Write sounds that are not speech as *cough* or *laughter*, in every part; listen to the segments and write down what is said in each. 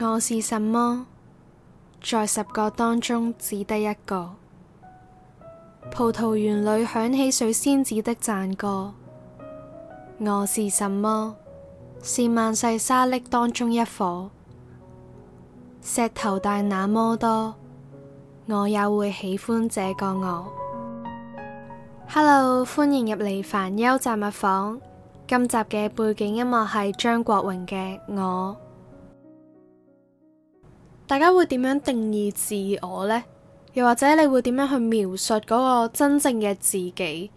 我是什麼？在十個當中只得一個。葡萄園裏響起水仙子的讚歌。我是什麼？是萬世沙礫當中一顆。石頭大那麼多，我也會喜歡這個我。Hello，歡迎入嚟煩憂雜物房。今集嘅背景音樂係張國榮嘅《我》。大家會點樣定義自我咧？又或者你會點樣去描述嗰個真正嘅自己？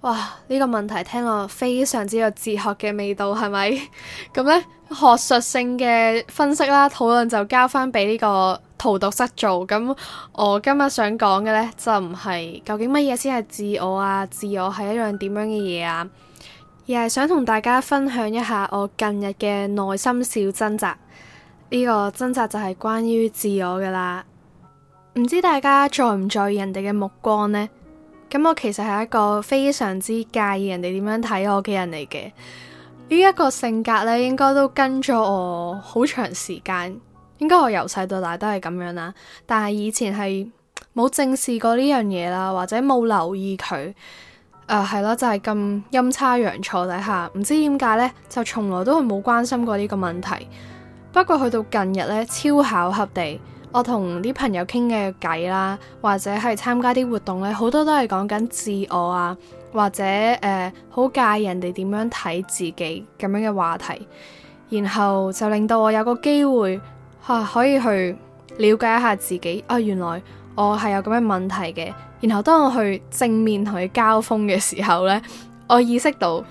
哇！呢個問題聽落非常之有哲學嘅味道，係咪？咁 *laughs* 咧，學術性嘅分析啦，討論就交翻俾呢個荼毒室做。咁我今日想講嘅咧，就唔係究竟乜嘢先係自我啊？自我係一樣點樣嘅嘢啊？而係想同大家分享一下我近日嘅內心小掙扎。呢個掙扎就係關於自我噶啦，唔知大家在唔在意人哋嘅目光呢？咁我其實係一個非常之介意人哋點樣睇我嘅人嚟嘅。呢、這、一個性格呢，應該都跟咗我好長時間，應該我由細到大都係咁樣啦。但係以前係冇正視過呢樣嘢啦，或者冇留意佢。誒、呃，係咯，就係、是、咁陰差陽錯底下，唔知點解呢，就從來都係冇關心過呢個問題。不過去到近日咧，超巧合地，我同啲朋友傾嘅偈啦，或者係參加啲活動咧，好多都係講緊自我啊，或者誒好、呃、介意人哋點樣睇自己咁樣嘅話題，然後就令到我有個機會、啊、可以去了解一下自己啊，原來我係有咁樣問題嘅。然後當我去正面同佢交鋒嘅時候咧，我意識到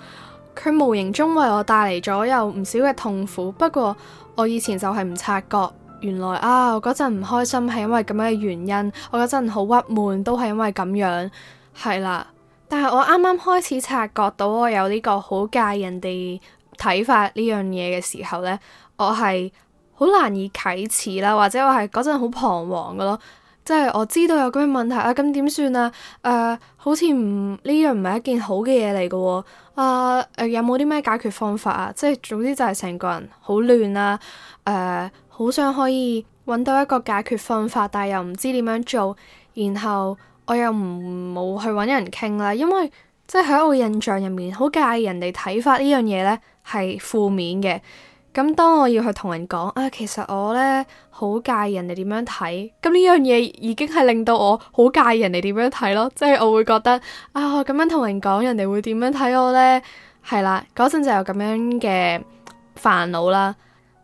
佢無形中爲我帶嚟咗有唔少嘅痛苦。不過，我以前就係唔察覺，原來啊，我嗰陣唔開心係因為咁樣嘅原因，我嗰陣好鬱悶都係因為咁樣，係啦。但係我啱啱開始察覺到我有呢個好介意人哋睇法呢樣嘢嘅時候咧，我係好難以啟齒啦，或者我係嗰陣好彷徨噶咯。即係我知道有咁嘅問題啦，咁點算啊？誒、啊呃，好似唔呢樣唔係一件好嘅嘢嚟㗎喎。啊、呃、誒、呃，有冇啲咩解決方法啊？即係總之就係成個人好亂啦。誒、呃，好想可以揾到一個解決方法，但係又唔知點樣做。然後我又唔冇去揾人傾啦，因為即係喺我印象入面，好介意人哋睇法呢樣嘢咧係負面嘅。咁當我要去同人講啊，其實我咧好介意人哋點樣睇，咁呢樣嘢已經係令到我好介意人哋點樣睇咯，即係我會覺得啊，咁樣同人講，人哋會點樣睇我咧？係啦，嗰陣就有咁樣嘅煩惱啦。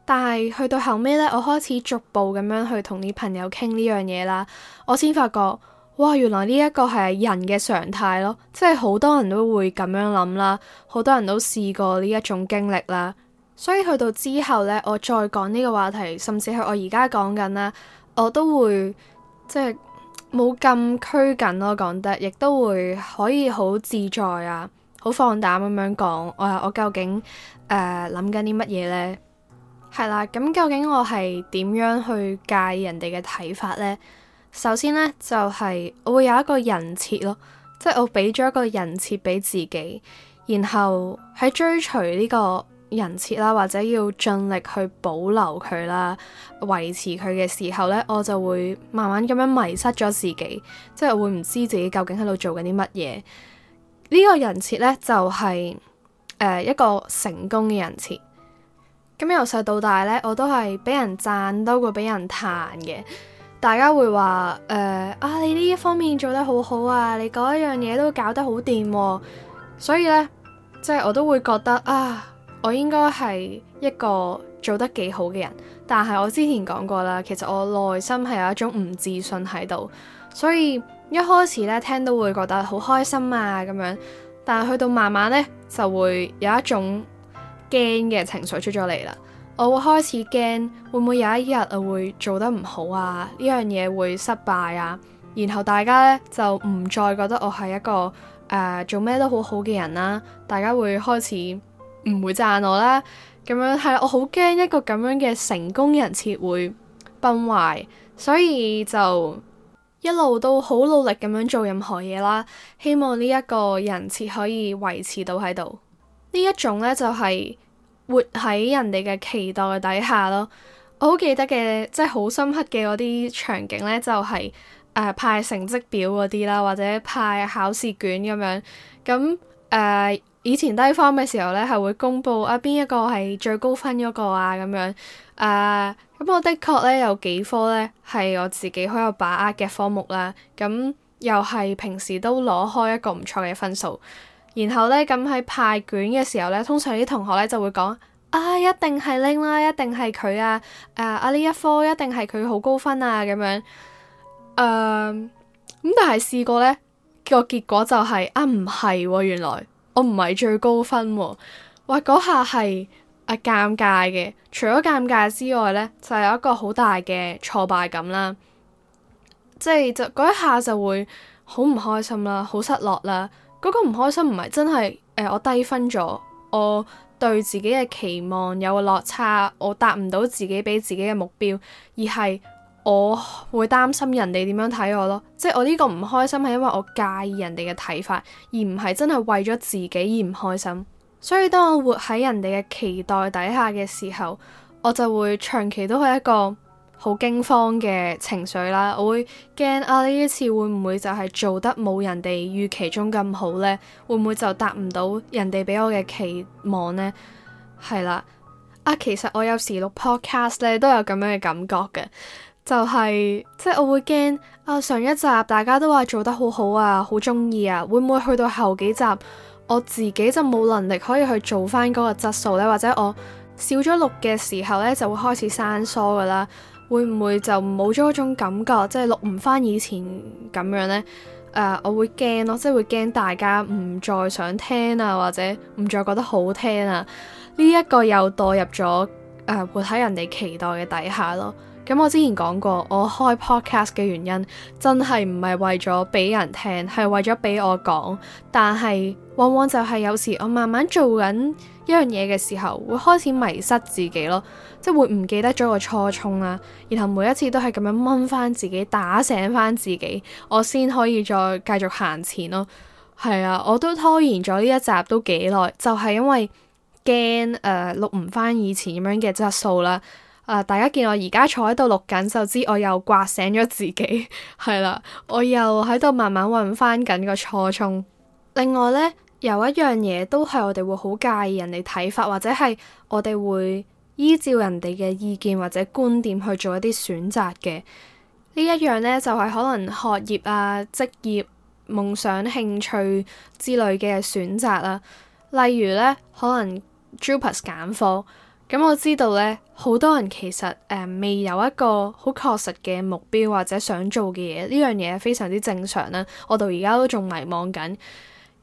但係去到後尾咧，我開始逐步咁樣去同啲朋友傾呢樣嘢啦，我先發覺，哇，原來呢一個係人嘅常態咯，即係好多人都會咁樣諗啦，好多人都試過呢一種經歷啦。所以去到之後咧，我再講呢個話題，甚至係我而家講緊咧，我都會即係冇咁拘謹咯，講得亦都會可以好自在啊，好放膽咁樣講。我我究竟誒諗緊啲乜嘢咧？係啦，咁究竟我係點樣去介意人哋嘅睇法咧？首先咧，就係我會有一個人設咯，即係我俾咗一個人設俾自己，然後喺追隨呢個人設啦，或者要盡力去保留佢啦，維持佢嘅時候呢，我就會慢慢咁樣迷失咗自己，即係我會唔知自己究竟喺度做緊啲乜嘢。呢、這個人設呢，就係、是呃、一個成功嘅人設。咁由細到大呢，我都係俾人讚多過俾人彈。嘅大家會話誒、呃、啊，你呢一方面做得好好啊，你嗰樣嘢都搞得好掂，啊。所以呢，即係我都會覺得啊。我應該係一個做得幾好嘅人，但係我之前講過啦，其實我內心係有一種唔自信喺度，所以一開始咧聽到會覺得好開心啊咁樣，但係去到慢慢呢，就會有一種驚嘅情緒出咗嚟啦。我會開始驚會唔會有一日我會做得唔好啊？呢樣嘢會失敗啊？然後大家呢，就唔再覺得我係一個誒、呃、做咩都好好嘅人啦、啊，大家會開始。唔會讚我啦，咁樣係我好驚一個咁樣嘅成功人設會崩壞，所以就一路都好努力咁樣做任何嘢啦，希望呢一個人設可以維持到喺度。呢一種咧就係、是、活喺人哋嘅期待底下咯。我好記得嘅，即係好深刻嘅嗰啲場景咧，就係誒派成績表嗰啲啦，或者派考試卷咁樣，咁誒。呃以前低分嘅時候咧，係會公布啊，邊一個係最高分嗰個啊，咁樣誒。咁、啊、我的確咧有幾科咧係我自己好有把握嘅科目啦。咁、啊、又係平時都攞開一個唔錯嘅分數。然後咧，咁、啊、喺派卷嘅時候咧，通常啲同學咧就會講啊，一定係拎啦，一定係佢啊。誒，啊呢一科一定係佢好高分啊，咁樣。誒、啊，咁但係試過咧個結，結果就係、是、啊，唔係喎，原來、啊。我唔係最高分喎、啊，哇！嗰下係啊，尷尬嘅。除咗尷尬之外咧，就係、有一個好大嘅挫敗感啦。即係就嗰一下就會好唔開心啦，好失落啦。嗰、嗰個唔開心唔係真係誒、呃，我低分咗，我對自己嘅期望有個落差，我達唔到自己俾自己嘅目標，而係。我會擔心人哋點樣睇我咯，即係我呢個唔開心係因為我介意人哋嘅睇法，而唔係真係為咗自己而唔開心。所以當我活喺人哋嘅期待底下嘅時候，我就會長期都係一個好驚慌嘅情緒啦。我會驚啊，呢一次會唔會就係做得冇人哋預期中咁好呢？會唔會就達唔到人哋俾我嘅期望呢？係啦，啊，其實我有時錄 podcast 咧都有咁樣嘅感覺嘅。就係、是、即係我會驚啊、哦、上一集大家都話做得好好啊，好中意啊會唔會去到後幾集我自己就冇能力可以去做翻嗰個質素呢？或者我少咗錄嘅時候呢，就會開始生疏噶啦，會唔會就冇咗嗰種感覺，即係錄唔翻以前咁樣呢？誒、呃、我會驚咯，即係會驚大家唔再想聽啊，或者唔再覺得好聽啊，呢一、這個又墮入咗誒活喺人哋期待嘅底下咯。咁我之前講過，我開 podcast 嘅原因真係唔係為咗俾人聽，係為咗俾我講。但係往往就係有時我慢慢做緊一樣嘢嘅時候，會開始迷失自己咯，即係會唔記得咗個初衷啦、啊。然後每一次都係咁樣掹翻自己，打醒翻自己，我先可以再繼續行前咯。係啊，我都拖延咗呢一集都幾耐，就係、是、因為驚誒、呃、錄唔翻以前咁樣嘅質素啦。啊、呃！大家見我而家坐喺度錄緊，就知我又刮醒咗自己，係 *laughs* 啦，我又喺度慢慢揾翻緊個初衷。另外咧，有一樣嘢都係我哋會好介意人哋睇法，或者係我哋會依照人哋嘅意見或者觀點去做一啲選擇嘅。呢一樣咧就係、是、可能學業啊、職業、夢想、興趣之類嘅選擇啦。例如咧，可能 Jupas 揀科。咁我知道咧，好多人其實誒未、呃、有一個好確實嘅目標或者想做嘅嘢，呢樣嘢非常之正常啦。我到而家都仲迷茫緊。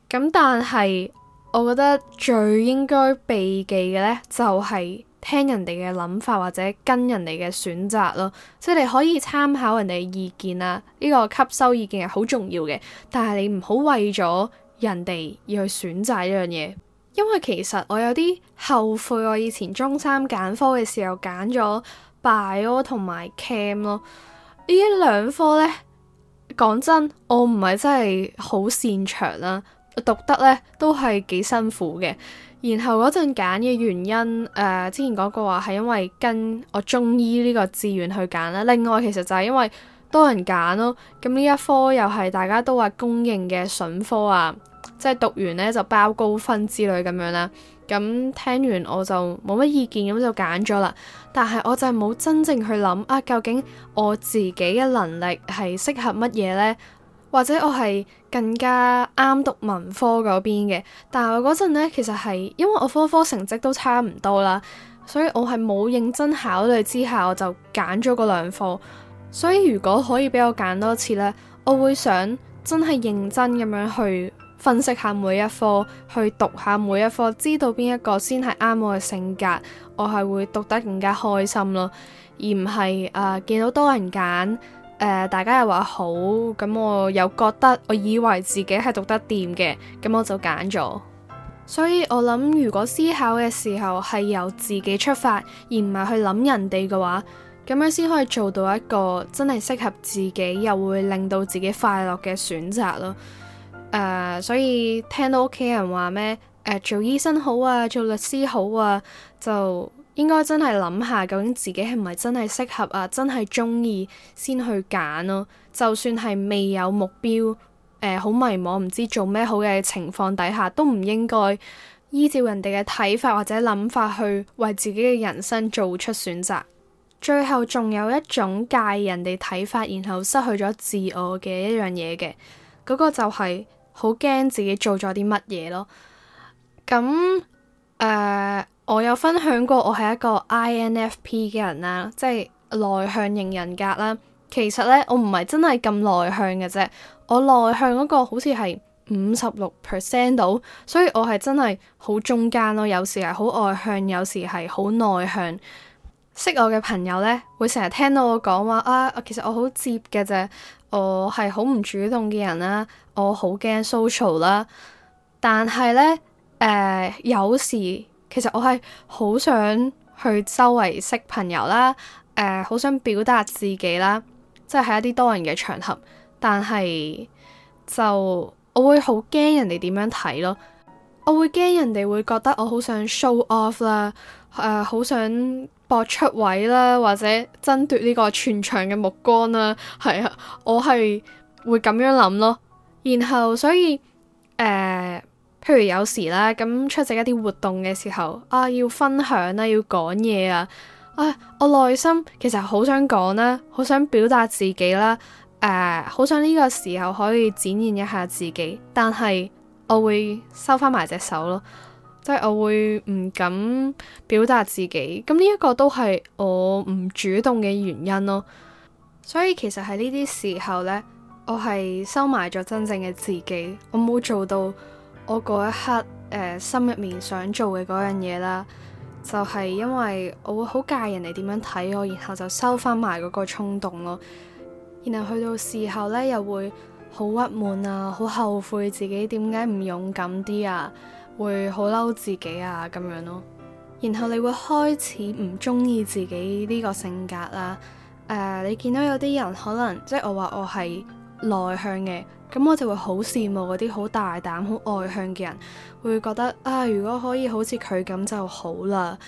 咁但係我覺得最應該避忌嘅咧，就係、是、聽人哋嘅諗法或者跟人哋嘅選擇咯。即係你可以參考人哋嘅意見啊，呢、這個吸收意見係好重要嘅。但係你唔好為咗人哋而去選擇呢樣嘢。因為其實我有啲後悔，我以前中三揀科嘅時候揀咗 bio 同埋 cam 咯，呢兩科呢，講真，我唔係真係好擅長啦，讀得呢都係幾辛苦嘅。然後嗰陣揀嘅原因，誒、呃、之前講過話係因為跟我中醫呢個志願去揀啦。另外其實就係因為多人揀咯，咁呢一科又係大家都話公認嘅筍科啊。即係讀完呢就包高分之類咁樣啦。咁聽完我就冇乜意見，咁就揀咗啦。但係我就係冇真正去諗啊，究竟我自己嘅能力係適合乜嘢呢，或者我係更加啱讀文科嗰邊嘅？但係嗰陣呢，其實係因為我科科成績都差唔多啦，所以我係冇認真考慮之下，我就揀咗嗰兩科。所以如果可以俾我揀多次呢，我會想真係認真咁樣去。分析下每一科，去讀下每一科，知道邊一個先係啱我嘅性格，我係會讀得更加開心咯。而唔係誒見到多人揀，呃，大家又話好，咁我又覺得我以為自己係讀得掂嘅，咁我就揀咗。所以我諗，如果思考嘅時候係由自己出發，而唔係去諗人哋嘅話，咁樣先可以做到一個真係適合自己又會令到自己快樂嘅選擇咯。誒，uh, 所以聽到屋企人話咩？誒、uh,，做醫生好啊，做律師好啊，就應該真係諗下究竟自己係咪真係適合啊，真係中意先去揀咯、啊。就算係未有目標，誒、uh,，好迷茫，唔知做咩好嘅情況底下，都唔應該依照人哋嘅睇法或者諗法去為自己嘅人生做出選擇。最後仲有一種介意人哋睇法，然後失去咗自我嘅一樣嘢嘅，嗰、那個就係、是。好驚自己做咗啲乜嘢咯，咁誒、呃，我有分享過我係一個 INFP 嘅人啦，即係內向型人格啦。其實咧，我唔係真係咁內向㗎啫，我內向嗰個好似係五十六 percent 到，所以我係真係好中間咯，有時係好外向，有時係好內向。識我嘅朋友咧，會成日聽到我講話啊！其實我好接嘅咋，我係好唔主動嘅人啦，我好驚 social 啦。但係咧，誒、呃、有時其實我係好想去周圍識朋友啦，誒、呃、好想表達自己啦，即係喺一啲多人嘅場合。但係就我會好驚人哋點樣睇咯。我會驚人哋會覺得我好想 show off 啦，誒、呃，好想搏出位啦，或者爭奪呢個全場嘅目光啦，係啊，我係會咁樣諗咯。然後所以誒、呃，譬如有時啦，咁出席一啲活動嘅時候啊，要分享啦、啊，要講嘢啊，啊，我內心其實好想講啦，好想表達自己啦，誒、呃，好想呢個時候可以展現一下自己，但係。我會收翻埋隻手咯，即係我會唔敢表達自己，咁呢一個都係我唔主動嘅原因咯。所以其實喺呢啲時候呢，我係收埋咗真正嘅自己，我冇做到我嗰一刻、呃、心入面想做嘅嗰樣嘢啦。就係因為我會好介意人哋點樣睇我，然後就收翻埋嗰個衝動咯，然後去到事後呢，又會。好屈悶啊，好後悔自己點解唔勇敢啲啊，會好嬲自己啊咁樣咯。然後你會開始唔中意自己呢個性格啦。誒、呃，你見到有啲人可能即係我話我係內向嘅，咁我就會好羨慕嗰啲好大膽、好外向嘅人，會覺得啊，如果可以好似佢咁就好啦。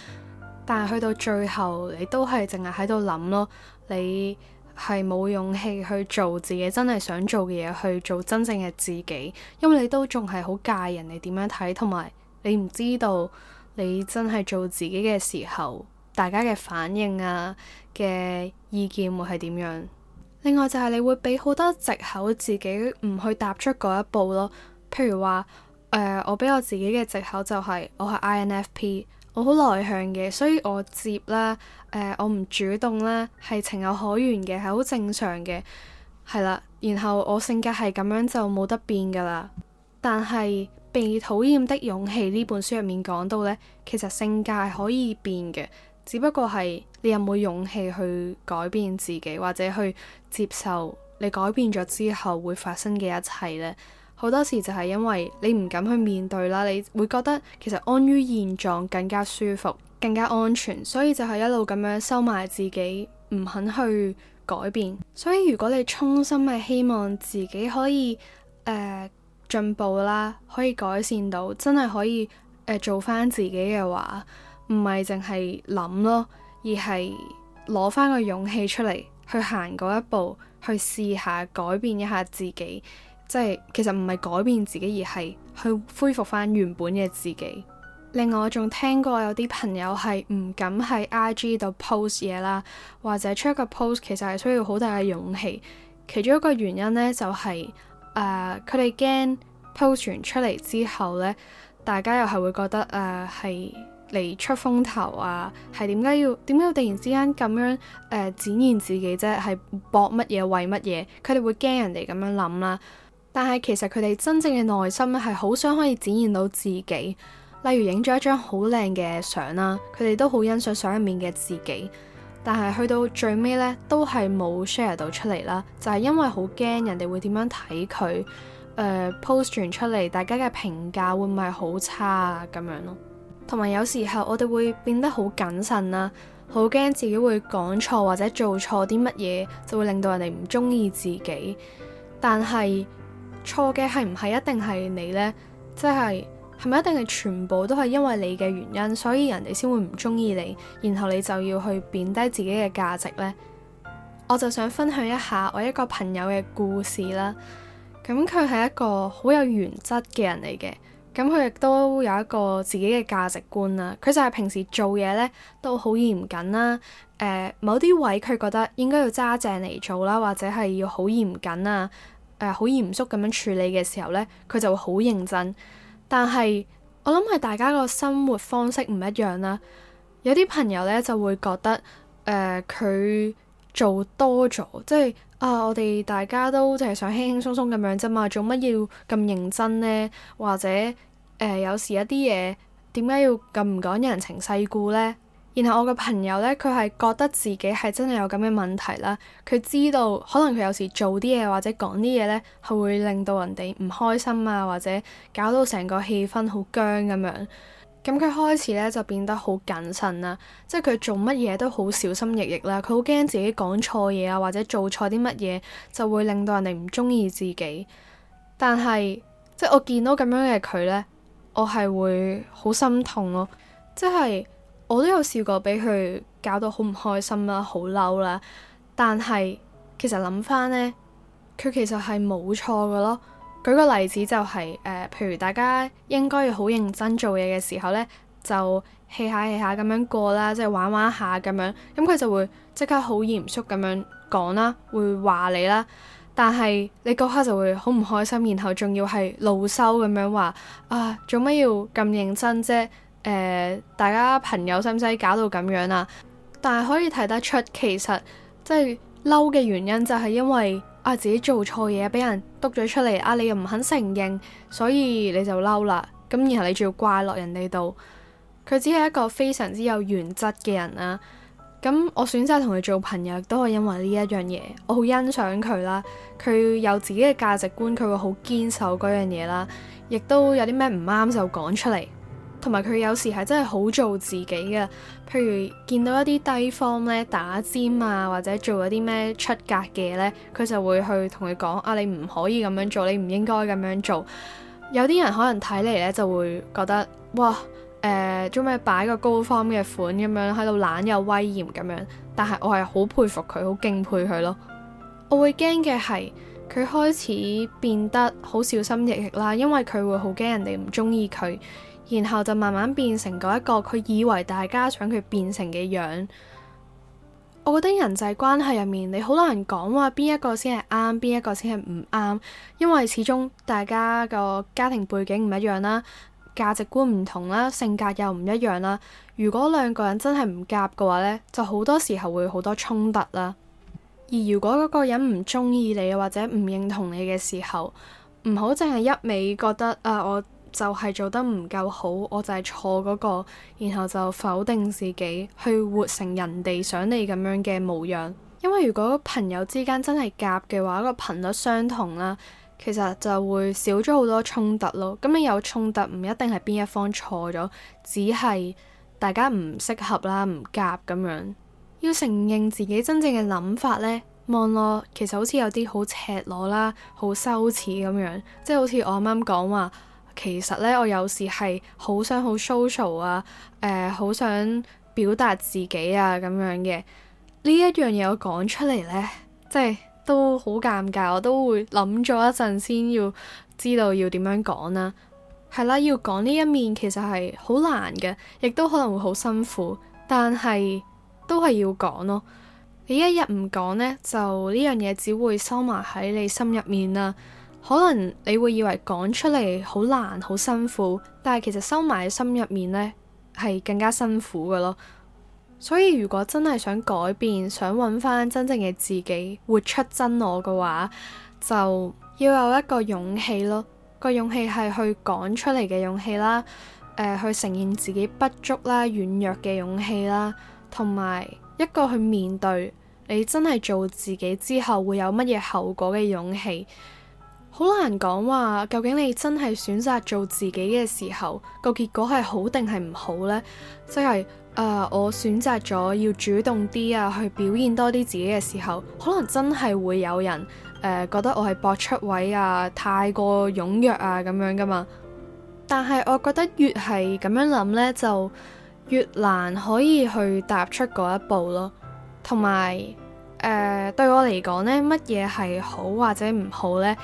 但係去到最後，你都係淨係喺度諗咯，你係冇勇氣去做自己真係想做嘅嘢，去做真正嘅自己，因為你都仲係好介意人哋點樣睇，同埋你唔知道你真係做自己嘅時候，大家嘅反應啊嘅意見會係點樣？另外就係你會俾好多藉口自己唔去踏出嗰一步咯，譬如話誒、呃，我俾我自己嘅藉口就係、是、我係 INFP。我好內向嘅，所以我接啦。誒、呃，我唔主動啦，係情有可原嘅，係好正常嘅，係啦。然後我性格係咁樣就冇得變㗎喇。但係《被討厭的勇氣》呢本書入面講到咧，其實性格係可以變嘅，只不過係你有冇勇氣去改變自己，或者去接受你改變咗之後會發生嘅一切咧。好多時就係因為你唔敢去面對啦，你會覺得其實安於現狀更加舒服，更加安全，所以就係一路咁樣收埋自己，唔肯去改變。所以如果你衷心係希望自己可以誒、呃、進步啦，可以改善到，真係可以誒、呃、做翻自己嘅話，唔係淨係諗咯，而係攞翻個勇氣出嚟去行嗰一步，去試下改變一下自己。即係其實唔係改變自己，而係去恢復翻原本嘅自己。另外，我仲聽過有啲朋友係唔敢喺 IG 度 post 嘢啦，或者出一個 post，其實係需要好大嘅勇氣。其中一個原因呢，就係、是、誒，佢哋驚 post 完出嚟之後呢，大家又係會覺得誒係嚟出風頭啊，係點解要點解要突然之間咁樣誒、呃、展現自己啫？係博乜嘢為乜嘢？佢哋會驚人哋咁樣諗啦。但係其實佢哋真正嘅內心咧，係好想可以展現到自己。例如影咗一張好靚嘅相啦，佢哋都好欣賞相入面嘅自己。但係去到最尾呢，都係冇 share 到出嚟啦，就係、是、因為好驚人哋會點樣睇佢。呃、post 完出嚟，大家嘅評價會唔係好差啊？咁樣咯，同埋有，有時候我哋會變得好謹慎啦，好驚自己會講錯或者做錯啲乜嘢，就會令到人哋唔中意自己。但係。錯嘅係唔係一定係你呢？即係係咪一定係全部都係因為你嘅原因，所以人哋先會唔中意你，然後你就要去貶低自己嘅價值呢。我就想分享一下我一個朋友嘅故事啦。咁佢係一個好有原則嘅人嚟嘅，咁佢亦都有一個自己嘅價值觀啦。佢就係平時做嘢呢，都好嚴謹啦。誒、呃，某啲位佢覺得應該要揸正嚟做啦，或者係要好嚴謹啊。誒，好嚴肅咁樣處理嘅時候咧，佢就會好認真。但係我諗係大家個生活方式唔一樣啦。有啲朋友咧就會覺得誒，佢、呃、做多咗，即係啊，我哋大家都淨係想輕輕鬆鬆咁樣啫嘛，做乜要咁認真咧？或者誒、呃、有時一啲嘢點解要咁唔講人情世故咧？然後我嘅朋友咧，佢係覺得自己係真係有咁嘅問題啦。佢知道可能佢有時做啲嘢或者講啲嘢咧，係會令到人哋唔開心啊，或者搞到成個氣氛好僵咁樣。咁佢開始咧就變得好謹慎啦，即係佢做乜嘢都好小心翼翼啦。佢好驚自己講錯嘢啊，或者做錯啲乜嘢就會令到人哋唔中意自己。但係即係我見到咁樣嘅佢咧，我係會好心痛咯，啊，即係。我都有試過俾佢搞到好唔開心啦，好嬲啦。但係其實諗翻呢，佢其實係冇錯嘅咯。舉個例子就係、是、誒、呃，譬如大家應該要好認真做嘢嘅時候呢，就氣下氣下咁樣過啦，即係玩玩下咁樣。咁佢就會即刻好嚴肅咁樣講啦，會話你啦。但係你嗰刻就會好唔開心，然後仲要係怒羞咁樣話啊，做乜要咁認真啫？誒、呃，大家朋友使唔使搞到咁樣啊？但係可以睇得出，其實即係嬲嘅原因就係因為啊自己做錯嘢俾人督咗出嚟，啊你又唔肯承認，所以你就嬲啦。咁然後你仲要怪落人哋度，佢只係一個非常之有原則嘅人啦、啊。咁我選擇同佢做朋友，都係因為呢一樣嘢，我好欣賞佢啦。佢有自己嘅價值觀，佢會好堅守嗰樣嘢啦，亦都有啲咩唔啱就講出嚟。同埋佢有時係真係好做自己嘅，譬如見到一啲低方咧打尖啊，或者做一啲咩出格嘅嘢咧，佢就會去同佢講：啊，你唔可以咁樣做，你唔應該咁樣做。有啲人可能睇嚟咧就會覺得哇，誒做咩擺個高方嘅款咁樣喺度懶又威嚴咁樣，但係我係好佩服佢，好敬佩佢咯。我會驚嘅係佢開始變得好小心翼翼啦，因為佢會好驚人哋唔中意佢。然後就慢慢變成嗰一個佢以為大家想佢變成嘅樣。我覺得人際關係入面，你好難講話邊一個先係啱，邊一個先係唔啱。因為始終大家個家庭背景唔一樣啦，價值觀唔同啦，性格又唔一樣啦。如果兩個人真係唔夾嘅話呢，就好多時候會好多衝突啦。而如果嗰個人唔中意你或者唔認同你嘅時候，唔好淨係一味覺得啊、呃、我就係做得唔夠好，我就係錯嗰個，然後就否定自己，去活成人哋想你咁樣嘅模樣。因為如果朋友之間真係夾嘅話，個頻率相同啦，其實就會少咗好多衝突咯。咁你有衝突唔一定係邊一方錯咗，只係大家唔適合啦，唔夾咁樣。要承認自己真正嘅諗法呢，望咯，其實好似有啲好赤裸啦，好羞恥咁樣，即係好似我啱啱講話。其實咧，我有時係好想好 social 啊，誒、呃，好想表達自己啊，咁樣嘅呢一樣嘢我講出嚟呢，即係都好尷尬，我都會諗咗一陣先要知道要點樣講啦。係啦、啊，要講呢一面其實係好難嘅，亦都可能會好辛苦，但係都係要講咯。你一日唔講呢，就呢樣嘢只會收埋喺你心入面啦、啊。可能你會以為講出嚟好難好辛苦，但係其實收埋喺心入面呢係更加辛苦噶咯。所以如果真係想改變，想揾翻真正嘅自己，活出真我嘅話，就要有一個勇氣咯。個勇氣係去講出嚟嘅勇氣啦，誒、呃，去承認自己不足啦、軟弱嘅勇氣啦，同埋一個去面對你真係做自己之後會有乜嘢後果嘅勇氣。好難講話，究竟你真係選擇做自己嘅時候，個結果係好定係唔好呢？即係誒、呃，我選擇咗要主動啲啊，去表現多啲自己嘅時候，可能真係會有人誒、呃、覺得我係搏出位啊，太過踴躍啊咁樣噶嘛。但係我覺得越係咁樣諗呢，就越難可以去踏出嗰一步咯。同埋誒，對我嚟講呢，乜嘢係好或者唔好呢？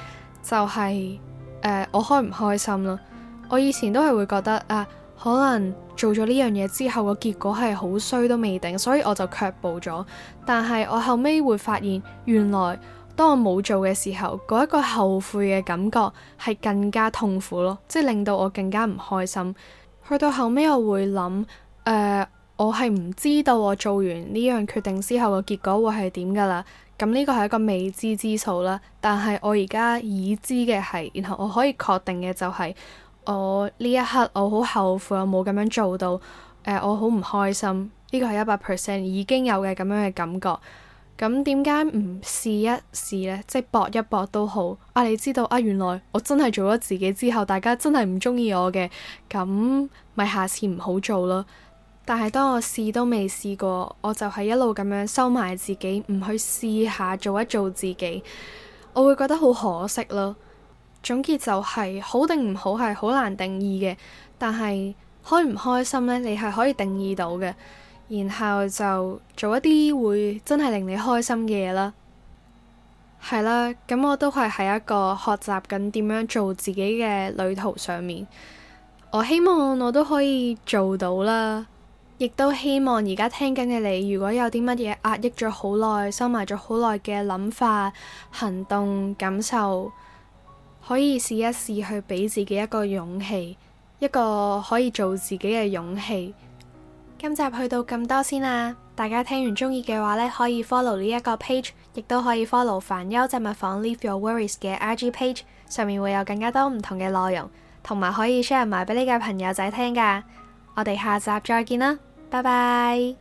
就係、是、誒、呃，我開唔開心咯？我以前都係會覺得啊、呃，可能做咗呢樣嘢之後個結果係好衰都未定，所以我就卻步咗。但係我後尾會發現，原來當我冇做嘅時候，嗰一個後悔嘅感覺係更加痛苦咯，即係令到我更加唔開心。去到後尾、呃，我會諗誒，我係唔知道我做完呢樣決定之後個結果會係點噶啦。咁呢個係一個未知之數啦，但係我而家已知嘅係，然後我可以確定嘅就係、是，我呢一刻我好後悔，我冇咁樣做到，誒、呃、我好唔開心，呢、這個係一百 percent 已經有嘅咁樣嘅感覺。咁點解唔試一試咧？即係搏一搏都好。啊你知道啊，原來我真係做咗自己之後，大家真係唔中意我嘅，咁咪下次唔好做囉。但係，當我試都未試過，我就係一路咁樣收埋自己，唔去試下做一做自己，我會覺得好可惜咯。總結就係，好定唔好係好難定義嘅，但係開唔開心呢，你係可以定義到嘅。然後就做一啲會真係令你開心嘅嘢啦。係啦，咁我都係喺一個學習緊點樣做自己嘅旅途上面，我希望我都可以做到啦。亦都希望而家聽緊嘅你，如果有啲乜嘢壓抑咗好耐、收埋咗好耐嘅諗法、行動、感受，可以試一試去俾自己一個勇氣，一個可以做自己嘅勇氣。今集去到咁多先啦，大家聽完中意嘅話呢，可以 follow 呢一個 page，亦都可以 follow 煩憂雜物房 Leave Your Worries 嘅 IG page，上面會有更加多唔同嘅內容，同埋可以 share 埋俾你嘅朋友仔聽㗎。我哋下集再見啦！拜拜。